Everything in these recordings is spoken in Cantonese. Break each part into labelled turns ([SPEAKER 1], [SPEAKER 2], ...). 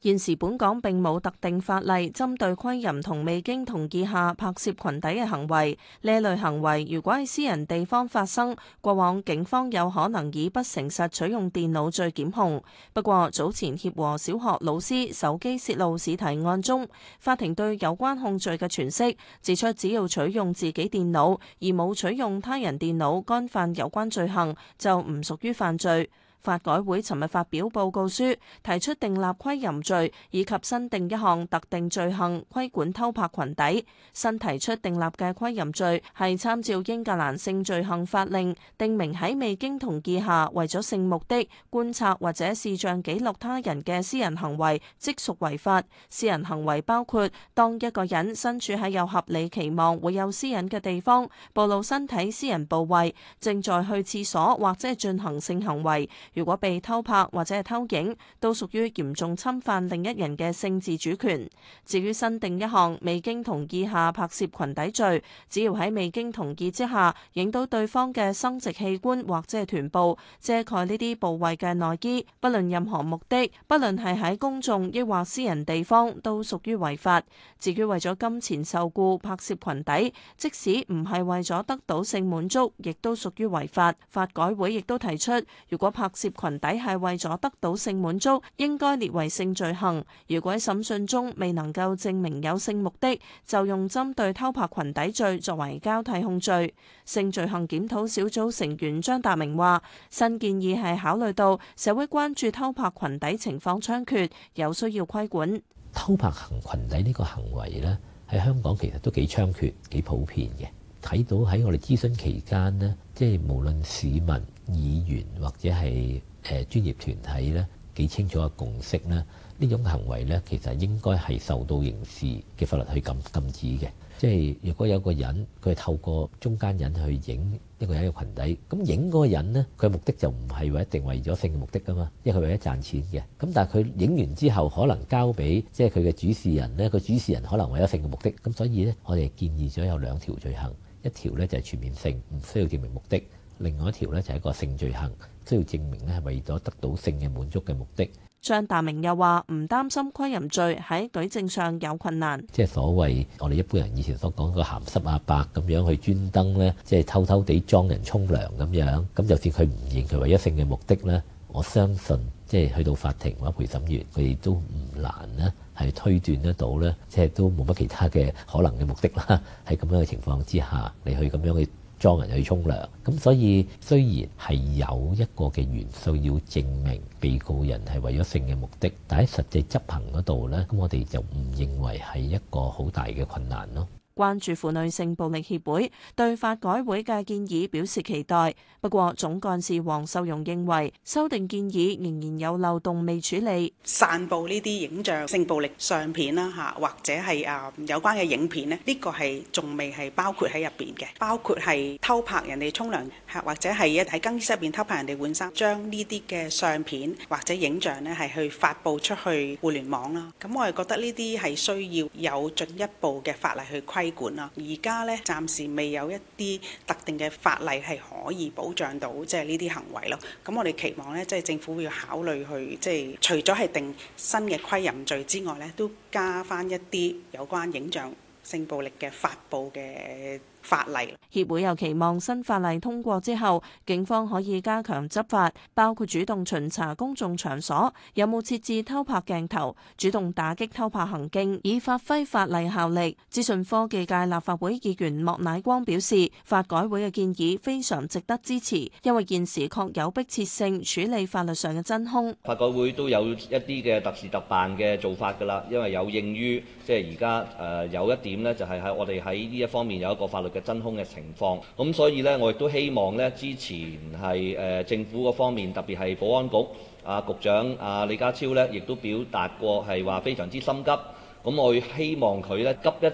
[SPEAKER 1] 現時本港並冇特定法例針對窺淫同未經同意下拍攝裙底嘅行為。呢類行為如果喺私人地方發生，過往警方有可能以不誠實取用電腦罪檢控。不過早前協和小學老師手機洩露試題案中，法庭對有關控罪嘅詮釋，指出只要取用自己電腦而冇取用他人電腦干犯有關罪行，就唔屬於犯罪。法改會尋日發表報告書，提出訂立窺淫罪以及新定一項特定罪行規管偷拍裙底。新提出訂立嘅窺淫罪係參照英格蘭性罪行法令，定名喺未經同意下為咗性目的觀察或者視像記錄他人嘅私人行為，即屬違法。私人行為包括當一個人身處喺有合理期望會有私隱嘅地方，暴露身體私人部位，正在去廁所或者係進行性行為。如果被偷拍或者係偷影，都屬於嚴重侵犯另一人嘅性自主權。至於新定一項未經同意下拍攝裙底罪，只要喺未經同意之下影到對方嘅生殖器官或者係臀部、遮蓋呢啲部位嘅內衣，不論任何目的，不論係喺公眾抑或私人地方，都屬於違法。至於為咗金錢受雇拍攝裙底，即使唔係為咗得到性滿足，亦都屬於違法。法改會亦都提出，如果拍攝群底係為咗得到性滿足，應該列為性罪行。如果喺審訊中未能夠證明有性目的，就用針對偷拍群底罪作為交替控罪。性罪行檢討小組成員張達明話：新建議係考慮到社會關注偷拍群底情況猖獗，有需
[SPEAKER 2] 要規管。偷拍行群底呢個行為呢，喺香港其實都幾猖獗、幾普遍嘅。睇到喺我哋諮詢期間呢，即係無論市民。議員或者係誒、呃、專業團體咧，幾清楚嘅共識咧，呢種行為咧其實應該係受到刑事嘅法律去禁禁止嘅。即係如果有個人佢透過中間人去影一個一個群體，咁影嗰個人咧佢嘅目的就唔係為一定為咗性嘅目的㗎嘛，因為佢為咗賺錢嘅。咁但係佢影完之後可能交俾即係佢嘅主持人咧，個主持人可能為咗性嘅目的。咁所以咧我哋建議咗有兩條罪行，一條咧就係、是、全面性唔需要證明目的。另外一條咧就係一個性罪行，需要證明咧係為咗得到性嘅滿足嘅目的。
[SPEAKER 1] 張達明又話：唔擔心窺淫罪喺舉證上有困難。
[SPEAKER 2] 即係所謂我哋一般人以前所講個鹹濕阿伯咁樣去專登咧，即係偷偷地裝人沖涼咁樣。咁就算佢唔認佢為一性嘅目的咧，我相信即係去到法庭或者陪審員，佢哋都唔難咧係推斷得到咧，即係都冇乜其他嘅可能嘅目的啦。喺咁樣嘅情況之下，你去咁樣去。撞人去沖涼，咁所以雖然係有一個嘅元素要證明被告人係為咗性嘅目的，但喺實際執行嗰度呢，咁我哋就唔認為係一個好大嘅困難咯。
[SPEAKER 1] 關注婦女性暴力協會對法改會嘅建議表示期待，不過總幹事黃秀容認為修訂建議仍然有漏洞未處理。散布呢啲影
[SPEAKER 3] 像性暴力相片啦吓，或者係啊有關嘅影片咧，呢個係仲未係包括喺入邊嘅，包括係偷拍人哋沖涼吓，或者係一喺更衣室入邊偷拍人哋換衫，將呢啲嘅相片或者影像咧係去發布出去互聯網啦。咁我哋覺得呢啲係需要有進一步嘅法例去規管而家咧，暫時未有一啲特定嘅法例係可以保障到，即係呢啲行為咯。咁我哋期望咧，即係政府會考慮去，即係除咗係定新嘅窺淫罪之外咧，都加翻一啲有關影像性暴力嘅發布嘅。
[SPEAKER 1] 法例協會又期望新法例通過之後，警方可以加強執法，包括主動巡查公眾場所有冇設置偷拍鏡頭，主動打擊偷拍行徑，以發揮法例效力。資訊科技界立法會議員莫乃光表示，法改會嘅建議非常值得支持，因為現時確有迫切性處理法律上嘅真空。
[SPEAKER 4] 法改會都有一啲嘅特事特辦嘅做法㗎啦，因為有應於即係而家誒有一點咧，就係喺我哋喺呢一方面有一個法律。真空嘅情況，咁所以咧，我亦都希望咧，之前係誒政府嗰方面，特別係保安局啊局長啊李家超咧，亦都表達過係話非常之心急，咁我亦希望佢咧急一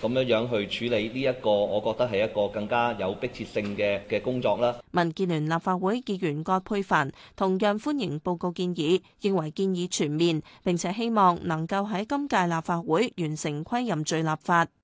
[SPEAKER 4] 啲咁樣樣去處理呢一個，我覺得係一個更加有迫切性嘅嘅工作啦。
[SPEAKER 1] 民建聯立法會議員葛珮帆同樣歡迎報告建議，認為建議全面並且希望能夠喺今屆立法會完成窺淫罪立法。